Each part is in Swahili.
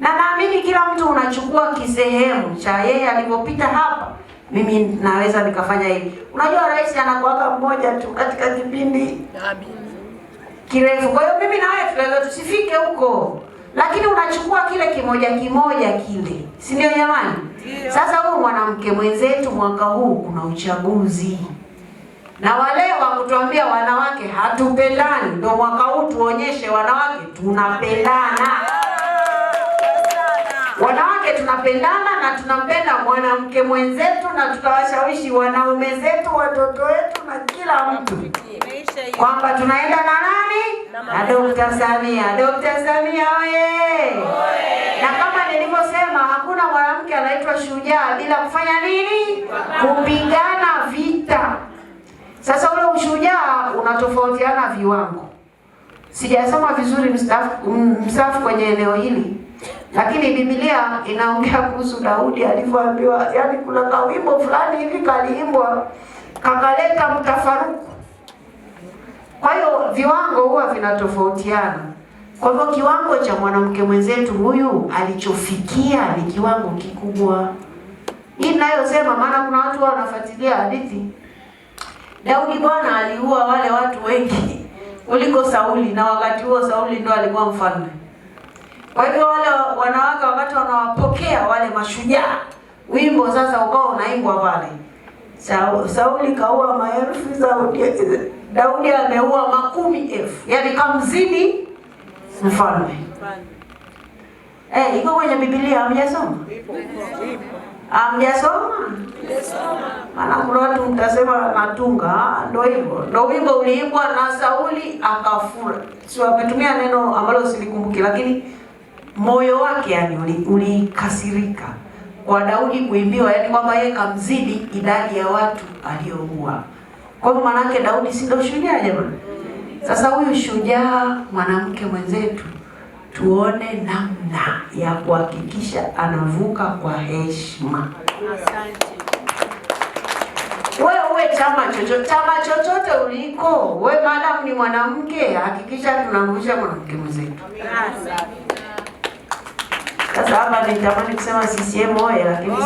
na naamini kila mtu unachukua kisehemu cha yeye alipopita hapa, mimi naweza nikafanya hivi. Unajua rais anakuaga mmoja tu katika kipindi kirefu, kwa hiyo mimi na wewe tunaweza tusifike huko, lakini unachukua kile kimoja kimoja kile, si ndio jamani? Sasa huyu mwanamke mwenzetu, mwaka huu kuna uchaguzi na wale wa kutuambia wanawake hatupendani, ndio mwaka huu tuonyeshe wanawake tunapendana tunapendana na tunampenda mwanamke mwenzetu na tutawashawishi wanaume zetu, watoto wetu na kila mtu kwamba tunaenda na nani? Na Dr. Samia. Dr. Samia oye! Na kama nilivyosema, hakuna mwanamke anaitwa shujaa bila kufanya nini? Kupigana vita. Sasa ule ushujaa unatofautiana viwango Sijasoma vizuri mstaafu kwenye eneo hili, lakini Biblia inaongea kuhusu Daudi alivyoambiwa, yaani kuna kawimbo fulani hivi kaliimbwa kakaleta mtafaruku. Kwa hiyo viwango huwa vinatofautiana. Kwa hivyo kiwango cha mwanamke mwenzetu huyu alichofikia ni kiwango kikubwa. Hii ninayosema, maana kuna watu wanafuatilia hadithi. Daudi bwana aliua wale watu wengi kuliko Sauli, na wakati huo Sauli ndo alikuwa mfalme. Kwa hivyo wale wanawake wakati wanawapokea wale mashujaa, wimbo sasa ukawa unaimbwa pale, Sauli kaua maelfu, Daudi ameua makumi elfu, yani kamzidi mfalme. Eh, iko kwenye Biblia hamjasoma? Hamjasoma? Maana kuna watu mtasema natunga, ndio hivyo. Ndio wimbo uliimbwa na Sauli akafura. Si wametumia neno ambalo silikumbuki lakini moyo wake yani ulikasirika kwa Daudi kuimbiwa, yani kwamba yeye kamzidi idadi ya watu aliyoua. Kwa hiyo maana yake Daudi si ndio shujaa jamani? Sasa huyu shujaa mwanamke mwenzetu tuone namna ya kuhakikisha anavuka kwa heshima. Wewe chama chochote, chama chochote uliko we, madamu ni mwanamke, hakikisha tunamvusha mwanamke mwenzetu. Sasa hapa nitamani kusema CCM oye, lakini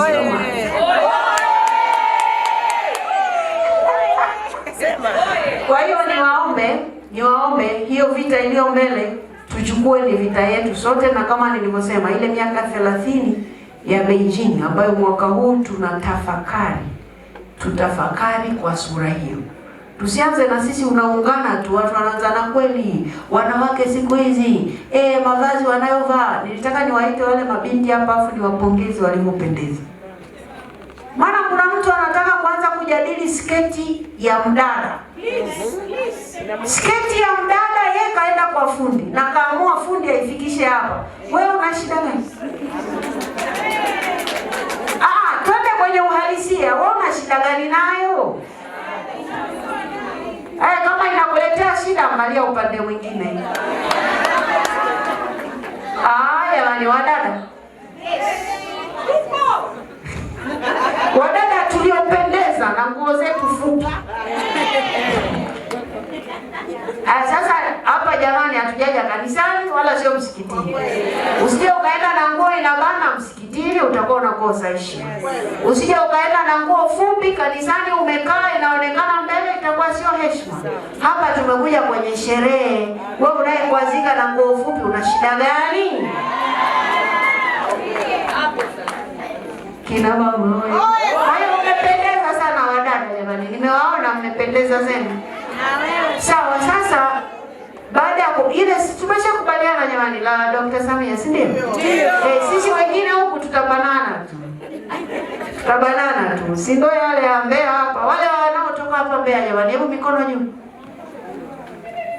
kwa hiyo niwaombe, niwaombe hiyo vita iliyo mbele tuchukue ni vita yetu sote, na kama nilivyosema ile miaka 30 ya Beijing ambayo mwaka huu tunatafakari, tutafakari kwa sura hiyo. Tusianze na sisi unaungana tu, watu wanaanza na kweli, wanawake siku hizi eh, mavazi wanayovaa. Nilitaka niwaite wale mabinti hapa afu niwapongeze walivyopendeza, maana kuna mtu anataka kuanza kujadili sketi ya mdada, sketi ya mdada ye nje hapa. Wewe una shida gani? Ah, twende kwenye uhalisia. Wewe una shida gani nayo? Eh, kama inakuletea shida angalia upande mwingine. Ah, jamani wadada. Wadada tuliopendeza na nguo zetu fupi. Ah, sasa hapa jamani, hatujaja kanisani wala sio msikitini. Usije ukaenda na nguo inabana msikitini, utakuwa unakosa heshima. Usije ukaenda na nguo fupi kanisani, umekaa inaonekana mbele, itakuwa sio heshima. Hapa tumekuja kwenye sherehe. Wewe unayekwazika na nguo fupi, una shida gani? Kina mama hayo, umependeza sana wadada, jamani, nimewaona mmependeza zenu tumesha tumeshakubaliana jamani, la Dr. Samia, si ndio? Eh, sisi wengine huku tutabanana tu tutabanana tu, si ndio? Yale ya Mbeya hapa, wale wanaotoka hapa Mbeya, jamani, hebu mikono juu.